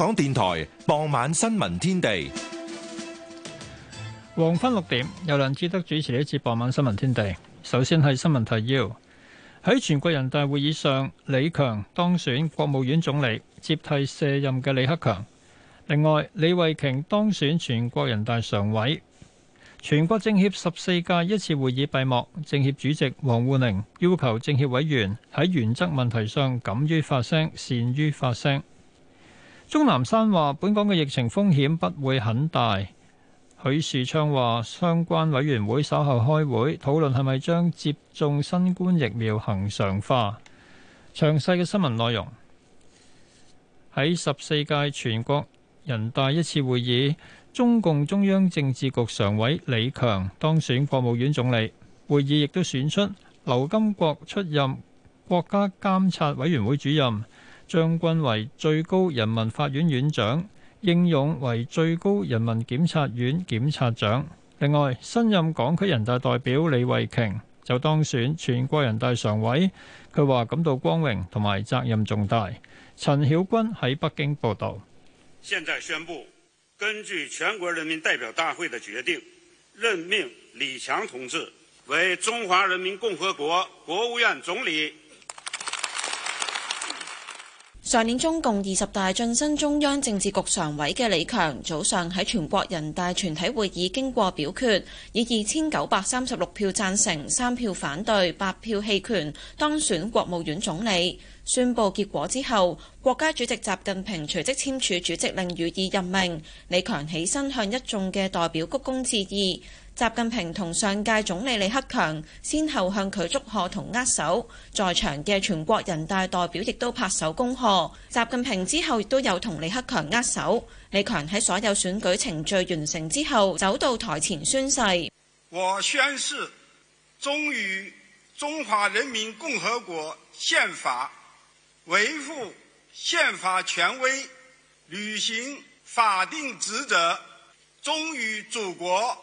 香港電台傍晚新聞天地，黃昏六點由梁志德主持呢一次傍晚新聞天地。首先係新聞提要：喺全國人大會議上，李強當選國務院總理，接替卸任嘅李克強。另外，李慧瓊當選全國人大常委。全國政協十四屆一次會議閉幕，政協主席王滬寧要求政協委員喺原則問題上敢於發聲，善於發聲。鍾南山話：本港嘅疫情風險不會很大。許樹昌話：相關委員會稍後開會，討論係咪將接種新冠疫苗恒常化。詳細嘅新聞內容：喺十四屆全國人大一次會議，中共中央政治局常委李強當選國務院總理。會議亦都選出劉金國出任國家監察委員會主任。張軍為最高人民法院院長，應勇為最高人民檢察院檢察長。另外，新任港區人大代表李慧瓊就當選全國人大常委，佢話感到光榮同埋責任重大。陳曉君喺北京報道。現在宣布，根據全國人民代表大會的決定，任命李強同志為中華人民共和國國務院總理。上年中共二十大晉身中央政治局常委嘅李強早上喺全國人大全體會議經過表決，以二千九百三十六票贊成、三票反對、八票棄權，當選國務院總理。宣布結果之後，國家主席習近平隨即簽署主席令予以任命。李強起身向一眾嘅代表鞠躬致意。習近平同上屆總理李克強先後向佢祝賀同握手，在場嘅全國人大代表亦都拍手恭賀。習近平之後亦都有同李克強握手。李強喺所有選舉程序完成之後，走到台前宣誓：我宣誓忠於中華人民共和國憲法，維護憲法權威，履行法定職責，忠於祖國。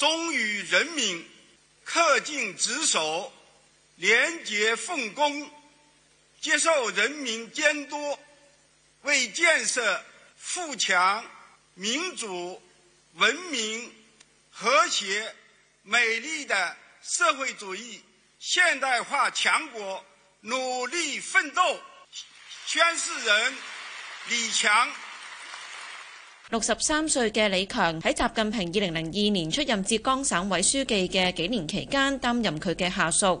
忠於人民，恪盡職守，廉潔奉公，接受人民監督，為建設富強、民主、文明、和諧、美麗的社會主義現代化強國努力奮鬥。宣誓人：李強。六十三歲嘅李強喺習近平二零零二年出任浙江省委書記嘅幾年期間，擔任佢嘅下屬。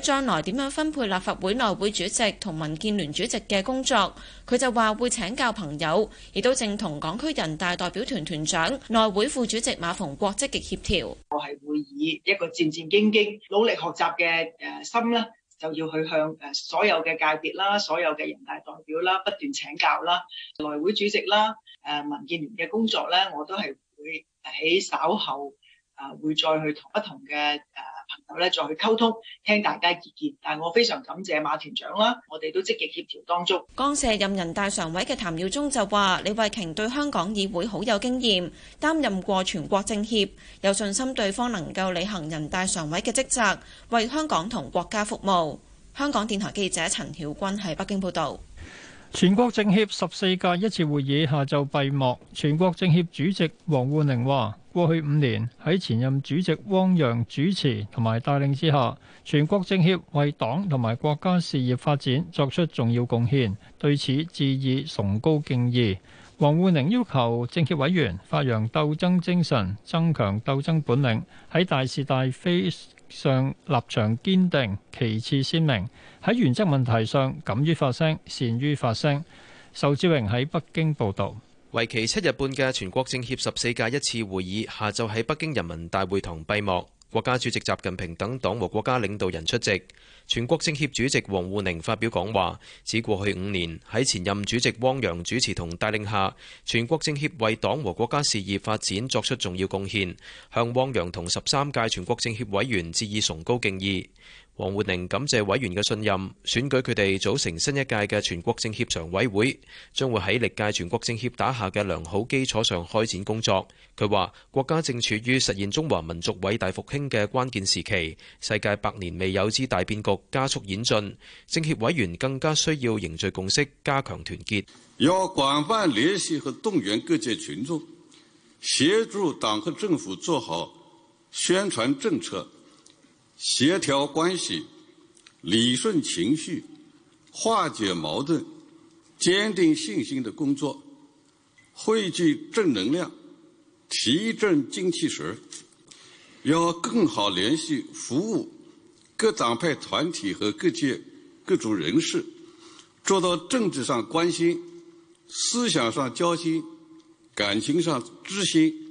將來點樣分配立法會內會主席同民建聯主席嘅工作？佢就話會請教朋友，亦都正同港區人大代表團團長、內會副主席馬逢國積極協調。我係會以一個戰戰兢兢、努力學習嘅誒心咧，就要去向誒所有嘅界別啦、所有嘅人大代表啦、不斷請教啦、內會主席啦、誒民建聯嘅工作咧，我都係會喺稍後。啊，會再去同不同嘅誒朋友咧，再去溝通，聽大家意見。但係我非常感謝馬團長啦，我哋都積極協調當中。剛卸任人大常委嘅譚耀宗就話：李慧瓊對香港議會好有經驗，擔任過全國政協，有信心對方能夠履行人大常委嘅職責，為香港同國家服務。香港電台記者陳曉君喺北京報道。全國政協十四屆一次會議下晝閉幕。全國政協主席王滬寧話：過去五年喺前任主席汪洋主持同埋帶領之下，全國政協為黨同埋國家事業發展作出重要貢獻，對此致以崇高敬意。王滬寧要求政協委員發揚鬥爭精神，增強鬥爭本領，喺大是大非。上立場堅定，其次鮮明，喺原則問題上敢於發聲，善於發聲。仇志榮喺北京報導。為期七日半嘅全國政協十四屆一次會議下晝喺北京人民大會堂閉幕。國家主席習近平等黨和國家領導人出席。全國政協主席王滬寧發表講話，指過去五年，喺前任主席汪洋主持同帶領下，全國政協為黨和國家事業發展作出重要貢獻，向汪洋同十三屆全國政協委員致以崇高敬意。王滬寧感謝委員嘅信任，選舉佢哋組成新一屆嘅全國政協常委會，將會喺歷屆全國政協打下嘅良好基礎上開展工作。佢話國家正處於實現中華民族偉大復興嘅關鍵時期，世界百年未有之大變局加速演進，政協委員更加需要凝聚共識，加強團結。要廣泛聯繫和動員各界群眾，協助黨和政府做好宣傳政策，協調關係、理順情緒、化解矛盾、堅定信心的工作，匯聚正能量、提振精氣神，要更好聯繫服務各黨派團體和各界各族人士，做到政治上關心、思想上交心、感情上知心。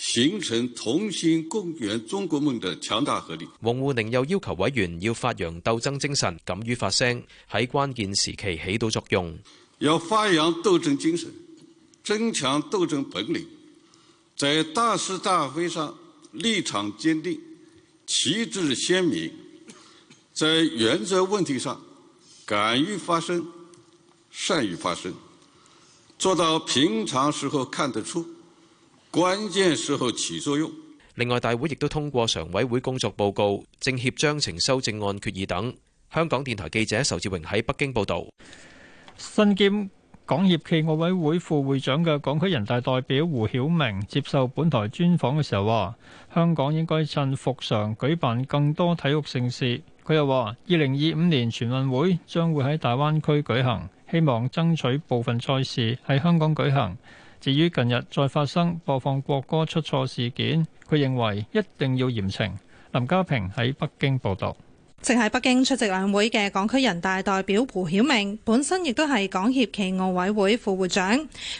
形成同心共圓中國夢的強大合力。王滬寧又要求委員要發揚鬥爭精神，敢於發聲，在關鍵時期起到作用。要發揚鬥爭精神，增強鬥爭本領，在大是大非上立場堅定，旗幟鮮明，在原則問題上敢於發聲，善於發聲，做到平常時候看得出。關鍵時候起作用。另外，大會亦都通過常委會工作報告、政協章程修正案決議等。香港電台記者仇志榮喺北京報道。身兼港協暨奧委會副會長嘅港區人大代表胡曉明接受本台專訪嘅時候話，香港應該趁復常舉辦更多體育盛事。佢又話，二零二五年全運會將會喺大灣區舉行，希望爭取部分賽事喺香港舉行。至於近日再發生播放國歌出錯事件，佢認為一定要嚴懲。林家平喺北京報道。正喺北京出席兩會嘅港區人大代表胡曉明，本身亦都係港協暨奧委會副會長。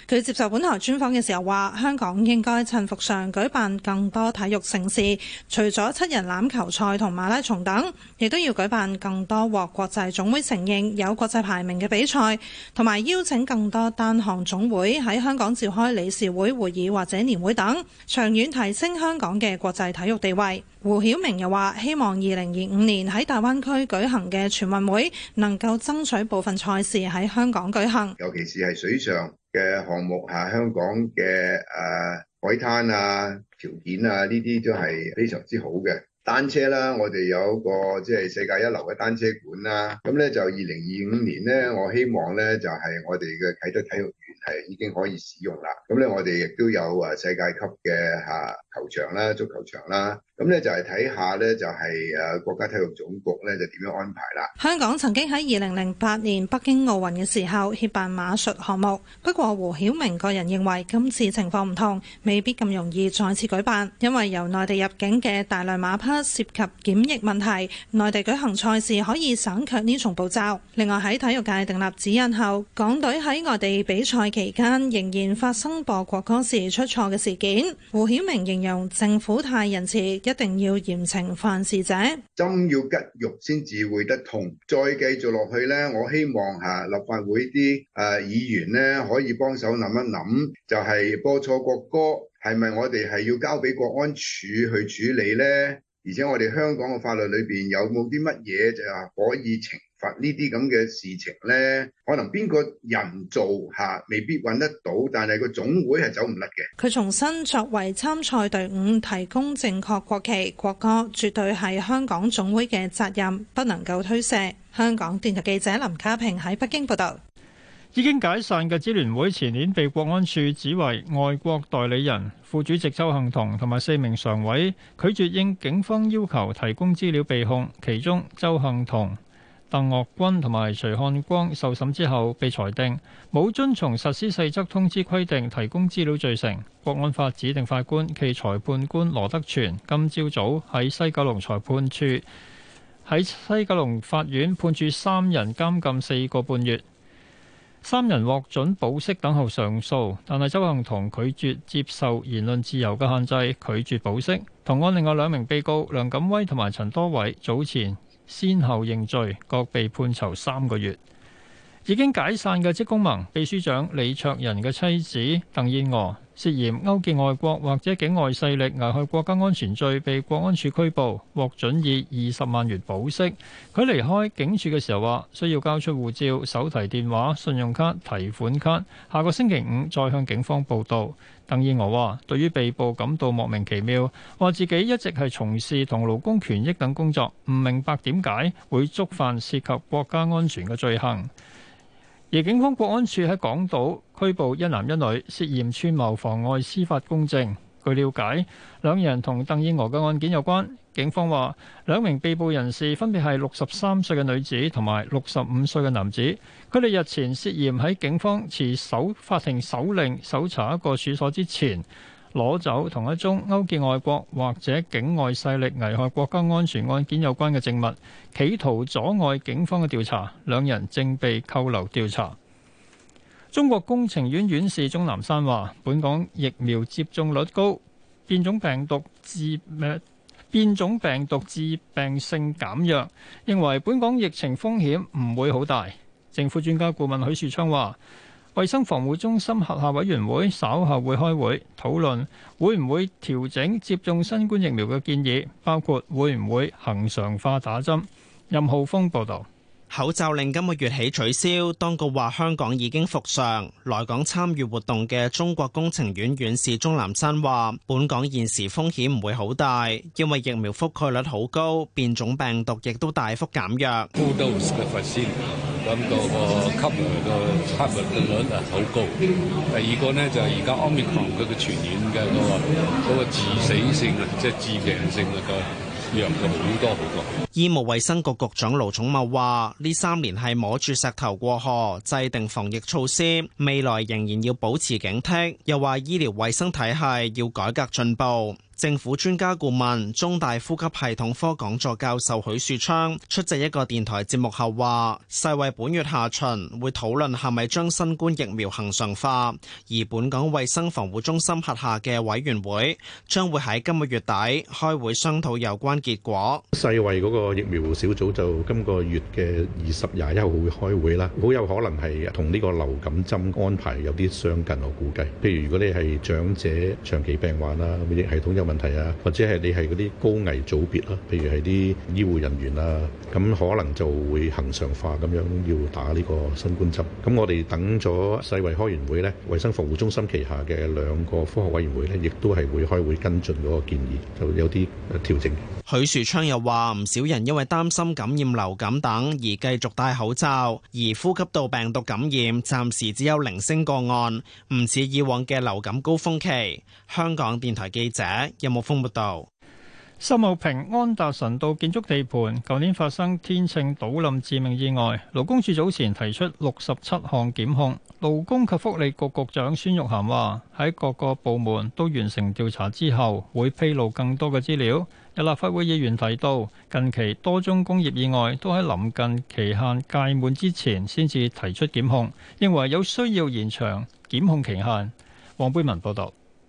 佢接受本台專訪嘅時候話，香港應該趁服上舉辦更多體育盛事，除咗七人欖球賽同馬拉松等，亦都要舉辦更多獲國際總會承認有國際排名嘅比賽，同埋邀請更多單項總會喺香港召開理事會會議或者年會等，長遠提升香港嘅國際體育地位。胡曉明又話：希望二零二五年喺大灣區舉行嘅全運會，能夠爭取部分賽事喺香港舉行。尤其是係水上嘅項目，嚇香港嘅誒、啊、海灘啊，條件啊，呢啲都係非常之好嘅。單車啦，我哋有個即係世界一流嘅單車館啦。咁咧就二零二五年咧，我希望咧就係我哋嘅啟德體育園係已經可以使用啦。咁咧我哋亦都有啊，世界級嘅嚇。球場啦，足球場啦，咁呢就係睇下呢，就係誒國家體育總局呢，就點樣安排啦。香港曾經喺二零零八年北京奧運嘅時候，協辦馬術項目。不過胡曉明個人認為，今次情況唔同，未必咁容易再次舉辦，因為由內地入境嘅大量馬匹涉及檢疫問題，內地舉行賽事可以省卻呢重步驟。另外喺體育界訂立指引後，港隊喺外地比賽期間仍然發生過國歌時出錯嘅事件。胡曉明仍然。由政府太仁慈，一定要嚴懲犯事者。針要吉肉先至會得痛，再繼續落去呢，我希望嚇立法會啲誒議員呢，可以幫手諗一諗，就係播錯國歌，係咪我哋係要交俾國安處去處理呢？而且我哋香港嘅法律裏邊有冇啲乜嘢就係可以懲？發呢啲咁嘅事情呢，可能邊個人做下未必搵得到，但係個總會係走唔甩嘅。佢重新作為參賽隊伍提供正確國旗國歌，絕對係香港總會嘅責任，不能夠推卸。香港電台記者林家平喺北京報道。已經解散嘅支聯會前年被國安處指為外國代理人，副主席周幸彤同埋四名常委拒絕應警方要求提供資料備，被控其中周幸彤。」鄧嶽君同埋徐漢光受審之後，被裁定冇遵從實施細則通知規定提供資料罪成。國安法指定法官暨裁判官羅德全今朝早喺西九龍裁判處喺西九龍法院判處三人監禁四個半月，三人獲准保釋等候上訴。但係鄒幸彤拒絕接受言論自由嘅限制，拒絕保釋。同案另外兩名被告梁錦威同埋陳多偉早前。先後認罪，各被判囚三個月。已經解散嘅職工盟秘書長李卓人嘅妻子鄧燕娥涉嫌勾結外國或者境外勢力，危害國家安全罪，被國安處拘捕，獲准以二十萬元保釋。佢離開警署嘅時候話，需要交出護照、手提電話、信用卡、提款卡。下個星期五再向警方報到。鄧燕娥話，對於被捕感到莫名其妙，話自己一直係從事同勞工權益等工作，唔明白點解會觸犯涉及國家安全嘅罪行。而警方國安處喺港島拘捕一男一女，涉嫌串謀妨礙司法公正。據了解，兩人同鄧燕娥嘅案件有關。警方話，兩名被捕人士分別係六十三歲嘅女子同埋六十五歲嘅男子。佢哋日前涉嫌喺警方持法庭手令搜查一個處所之前，攞走同一宗勾結外國或者境外勢力危害國家安全案件有關嘅證物，企圖阻礙警方嘅調查。兩人正被扣留調查。中國工程院院士鍾南山話，本港疫苗接種率高，變種病毒致、呃、變種病毒致病性減弱，認為本港疫情風險唔會好大。政府專家顧問許樹昌話，衛生防護中心轄下委員會稍後會開會，討論會唔會調整接種新冠疫苗嘅建議，包括會唔會恆常化打針。任浩峰報道。口罩令今個月起取消。當局話香港已經復常。來港參與活動嘅中國工程院院士鍾南山話：本港現時風險唔會好大，因為疫苗覆蓋率好高，變種病毒亦都大幅減弱。高 doses 嘅份先，那個吸入個吸入率好高。第二個呢，就係而家 omicron 佢嘅傳染嘅嗰個嗰、嗰個、致死性，即係致病性、那個又唔同好多好多。醫務衛生局局長盧寵茂話：呢三年係摸住石頭過河，制定防疫措施，未來仍然要保持警惕。又話醫療衛生體系要改革進步。政府專家顧問中大呼吸系統科講座教授許樹昌出席一個電台節目後話，世衛本月下旬會討論係咪將新冠疫苗恒常化，而本港衛生防護中心轄下嘅委員會將會喺今個月底開會商討有關結果。世衛嗰個疫苗小組就今個月嘅二十廿一號會開會啦，好有可能係同呢個流感針安排有啲相近。我估計譬如如果你係長者、長期病患啦，免疫系統有問題啊，或者係你係嗰啲高危組別啦，譬如係啲醫護人員啊，咁可能就會恒常化咁樣要打呢個新冠針。咁我哋等咗世衞開完會呢，衞生服務中心旗下嘅兩個科學委員會呢，亦都係會開會跟進嗰個建議，就有啲調整。許樹昌又話：唔少人因為擔心感染流感等而繼續戴口罩，而呼吸道病毒感染暫時只有零星個案，唔似以往嘅流感高峯期。香港電台記者。有冇風沒斗？秀茂坪安達臣道建築地盤舊年發生天秤倒冧致命意外，勞工處早前提出六十七項檢控。勞工及福利局局長孫玉菡話：喺各個部門都完成調查之後，會披露更多嘅資料。有立法會議員提到，近期多宗工業意外都喺臨近期限屆滿之前先至提出檢控，認為有需要延長檢控期限。黃貝文報道。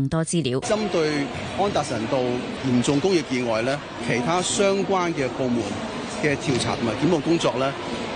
更多資料，針對安達臣道嚴重工業意外咧，其他相關嘅部門嘅調查同埋檢控工作咧，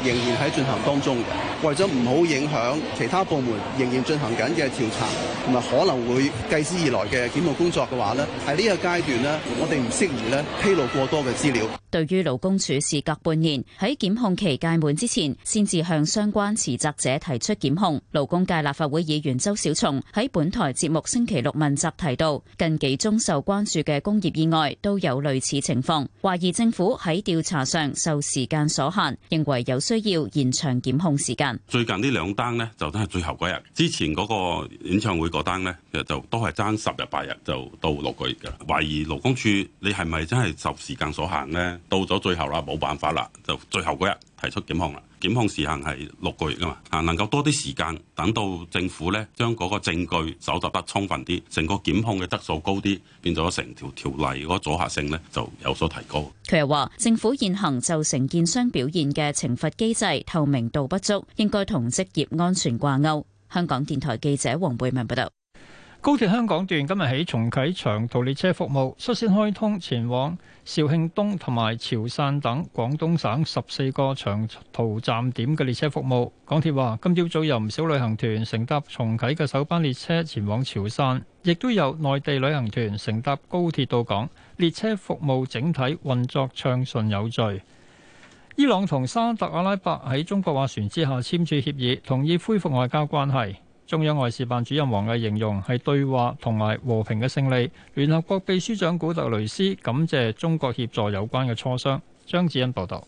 仍然喺進行當中嘅，為咗唔好影響其他部門仍然進行緊嘅調查，同埋可能會繼之而來嘅檢務工作嘅話咧，喺呢個階段咧，我哋唔適宜咧披露過多嘅資料。對於勞工處事隔半年喺檢控期屆滿之前先至向相關辭職者提出檢控，勞工界立法會議員周小松喺本台節目星期六問責提到，近幾宗受關注嘅工業意外都有類似情況，懷疑政府喺調查上受時間所限，認為有需。需要延長檢控時間。最近呢兩單呢，就真係最後嗰日。之前嗰個演唱會嗰單呢，其實就都係爭十日八日就到六個月嘅。懷疑勞工處你係咪真係受時間所限呢？到咗最後啦，冇辦法啦，就最後嗰日提出檢控啦，檢控時限係六個月噶嘛，啊能夠多啲時間等到政府咧將嗰個證據蒐集得充分啲，成個檢控嘅質素高啲，變咗成條條例嗰阻嚇性呢就有所提高。佢又話，政府現行就承建商表現嘅懲罰機制透明度不足，應該同職業安全掛鈎。香港電台記者黃貝文報道，高鐵香港段今日起重啟長途列車服務，率先開通前往肇慶東同埋潮汕等廣東省十四個長途站點嘅列車服務，港鐵話今朝早有唔少旅行團乘搭重啟嘅首班列車前往潮汕，亦都有內地旅行團乘搭高鐵到港，列車服務整體運作暢順有序。伊朗同沙特阿拉伯喺中國斡旋之下簽署協議，同意恢復外交關係。中央外事辦主任王毅形容係對話同埋和平嘅勝利。聯合國秘書長古特雷斯感謝中國協助有關嘅磋商。張智恩報道。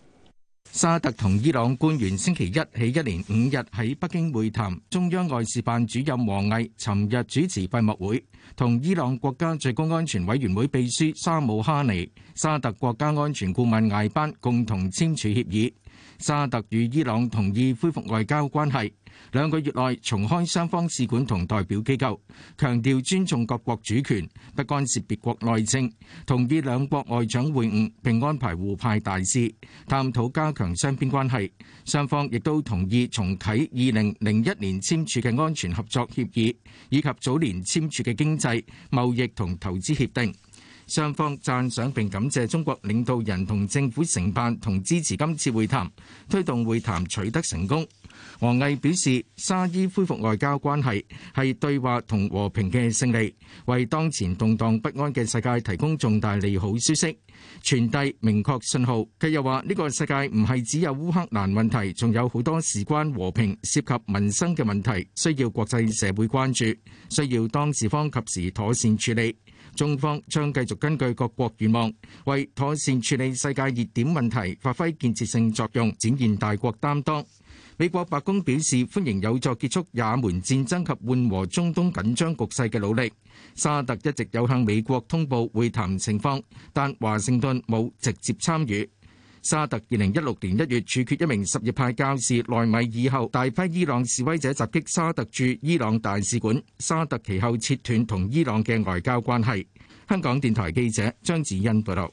沙特同伊朗官員星期一起一連五日喺北京會談。中央外事辦主任王毅尋日主持閉幕會，同伊朗國家最高安全委員會秘書沙姆哈尼、沙特國家安全顧問艾班共同簽署協議。沙特與伊朗同意恢復外交關係，兩個月內重開雙方使館同代表機構，強調尊重各國主權，不干涉別國內政，同意兩國外長會晤並安排互派大使，探討加強雙邊關係。雙方亦都同意重啟二零零一年簽署嘅安全合作協議，以及早年簽署嘅經濟、貿易同投資協定。雙方讚賞並感謝中國領導人同政府承辦同支持今次會談，推動會談取得成功。王毅表示，沙伊恢復外交關係，係對話同和，和平嘅勝利，為當前動蕩不安嘅世界提供重大利好消息，傳遞明確信號，佢又話呢、這個世界唔係只有烏克蘭問題，仲有好多事關和平、涉及民生嘅問題需要國際社會關注，需要當事方及時妥善處理。中方將繼續根據各國願望，為妥善處理世界熱點問題，發揮建設性作用，展現大國擔當。美國白宮表示歡迎有助結束也門戰爭及緩和中東緊張局勢嘅努力。沙特一直有向美國通報會談情況，但華盛頓冇直接參與。沙特二零一六年一月處決一名什葉派教士奈米爾後，大批伊朗示威者襲擊沙特駐伊朗大使館，沙特其後切斷同伊朗嘅外交關係。香港電台記者張子欣報道。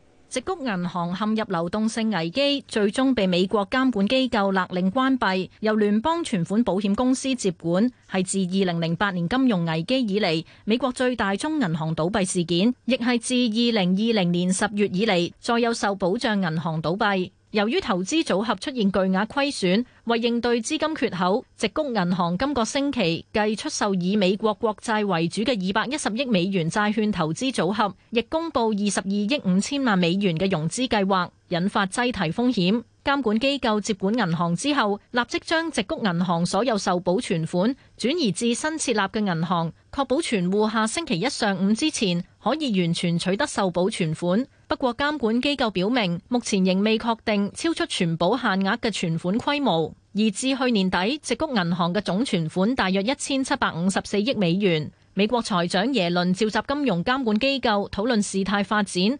直谷銀行陷入流動性危機，最終被美國監管機構勒令關閉，由聯邦存款保險公司接管，係自二零零八年金融危機以嚟美國最大宗銀行倒閉事件，亦係自二零二零年十月以嚟再有受保障銀行倒閉。由於投資組合出現巨額虧損，為應對資金缺口，矽谷銀行今個星期繼出售以美國國債為主嘅二百一十億美元債券投資組合，亦公布二十二億五千萬美元嘅融資計劃，引發擠提風險。監管機構接管銀行之後，立即將矽谷銀行所有受保存款轉移至新設立嘅銀行，確保存戶下星期一上午之前可以完全取得受保存款。不過，監管機構表明，目前仍未確定超出全保限額嘅存款規模。而至去年底，矽谷銀行嘅總存款大約一千七百五十四億美元。美國財長耶倫召集金融監管機構討論事態發展。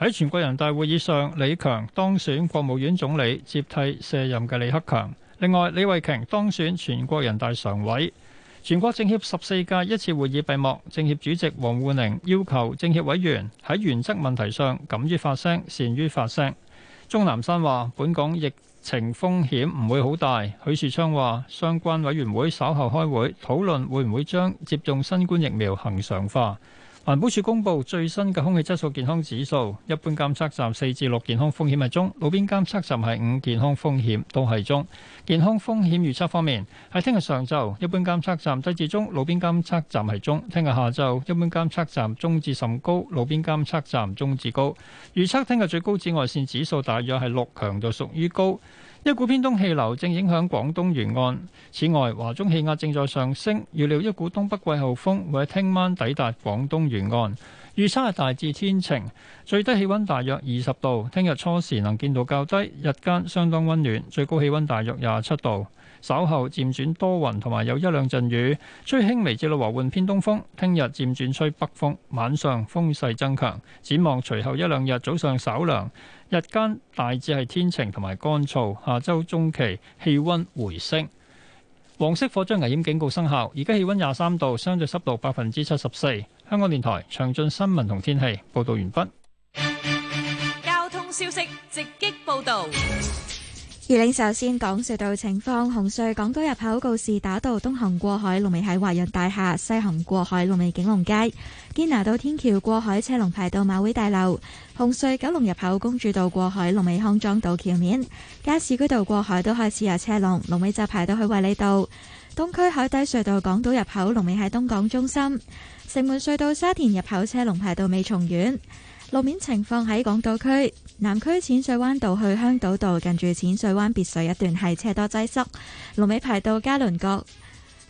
喺全國人大會議上，李強當選國務院總理，接替卸任嘅李克強。另外，李慧瓊當選全國人大常委。全國政協十四屆一次會議閉幕，政協主席王滬寧要求政協委員喺原則問題上敢於發聲、善於發聲。鍾南山話：本港疫情風險唔會好大。許樹昌話：相關委員會稍後開會，討論會唔會將接種新冠疫苗恒常化。環保署公布最新嘅空氣質素健康指數，一般監測站四至六健康風險係中，路邊監測站係五健康風險都係中。健康風險預測方面，喺聽日上晝，一般監測站低至中，路邊監測站係中；聽日下晝，一般監測站中至甚高，路邊監測站中至高。預測聽日最高紫外線指數大約係六，強度屬於高。一股偏東氣流正影響廣東沿岸。此外，華中氣壓正在上升，預料一股東北季候風會喺聽晚抵達廣東沿岸。預測係大致天晴，最低氣温大約二十度。聽日初時能見度較低，日間相當温暖，最高氣温大約廿七度。稍後漸轉多雲同埋有一兩陣雨，吹輕微至到和緩偏東風。聽日漸轉吹北風，晚上風勢增強。展望隨後一兩日早上稍涼。日間大致係天晴同埋乾燥，下周中期氣溫回升。黃色火災危險警告生效，而家氣溫廿三度，相對濕度百分之七十四。香港電台詳盡新聞同天氣報道完畢。交通消息直擊報道。而領首先講隧道情況，紅隧港島入口告士打道東行過海龍尾喺華潤大廈，西行過海龍尾景隆街，堅拿道天橋過海車龍排到馬會大樓。紅隧九龍入口公主道過海龍尾康莊道橋面，加士居道過海都開始有車龍，龍尾就排到去衛理道。東區海底隧道港島入口龍尾喺東港中心，城門隧道沙田入口車龍排到美松苑。路面情況，喺港島區南區淺水灣道去香島道近住淺水灣別墅一段係車多擠塞，龍尾排到嘉麟角。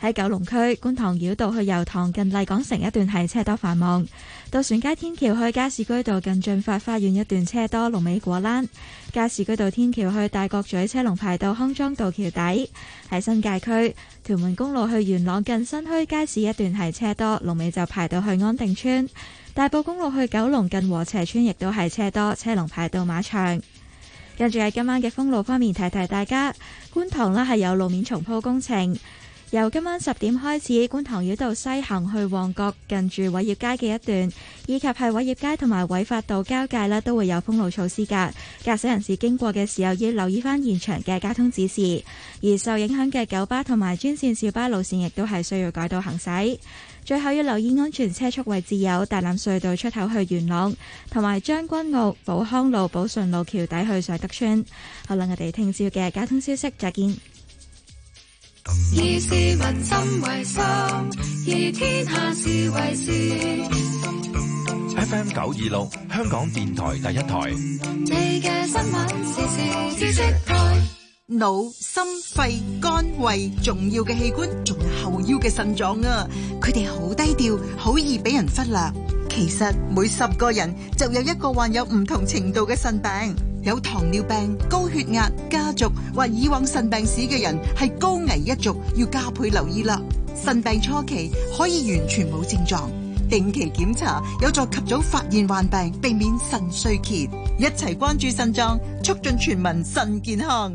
喺九龍區觀塘繞道去油塘近麗港城一段係車多繁忙，渡船街天橋去加士居道近進發花園一段車多，龍尾果欄。加士居道天橋去大角咀車龍排到康莊道橋底。喺新界區屯門公路去元朗近新墟街市一段係車多，龍尾就排到去安定村。大埔公路去九龍近和斜村亦都係車多，車龍排到馬場。跟住喺今晚嘅封路方面，提提大家，觀塘呢係有路面重鋪工程，由今晚十點開始，觀塘繞道西行去旺角近住偉業街嘅一段，以及係偉業街同埋偉發道交界呢，都會有封路措施噶。駕駛人士經過嘅時候要留意翻現場嘅交通指示。而受影響嘅九巴同埋專線小巴路綫亦都係需要改道行駛。最後要留意安全車速位置，有大欖隧道出口去元朗，同埋將軍澳寶康路、寶順路橋底去上德村。好啦，我哋聽朝嘅交通消息再見。以市民心為心，以天下事為事，FM 九二六香港電台第一台。你腦、心、肺、肝、胃重要嘅器官，仲有後腰嘅腎臟啊！佢哋好低調，好易俾人忽略。其實每十個人就有一個患有唔同程度嘅腎病。有糖尿病、高血壓、家族或以往腎病史嘅人係高危一族，要加倍留意啦。腎病初期可以完全冇症狀，定期檢查有助及早發現患病，避免腎衰竭。一齊關注腎臟，促進全民腎健康。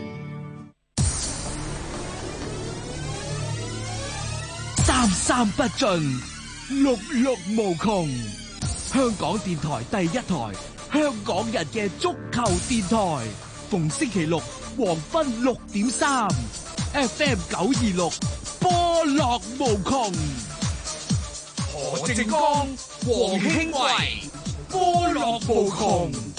三三不盡，六六無窮。香港電台第一台，香港人嘅足球電台，逢星期六黃昏六點三，FM 九二六波樂無窮。何靖江、黃興偉，波樂無窮。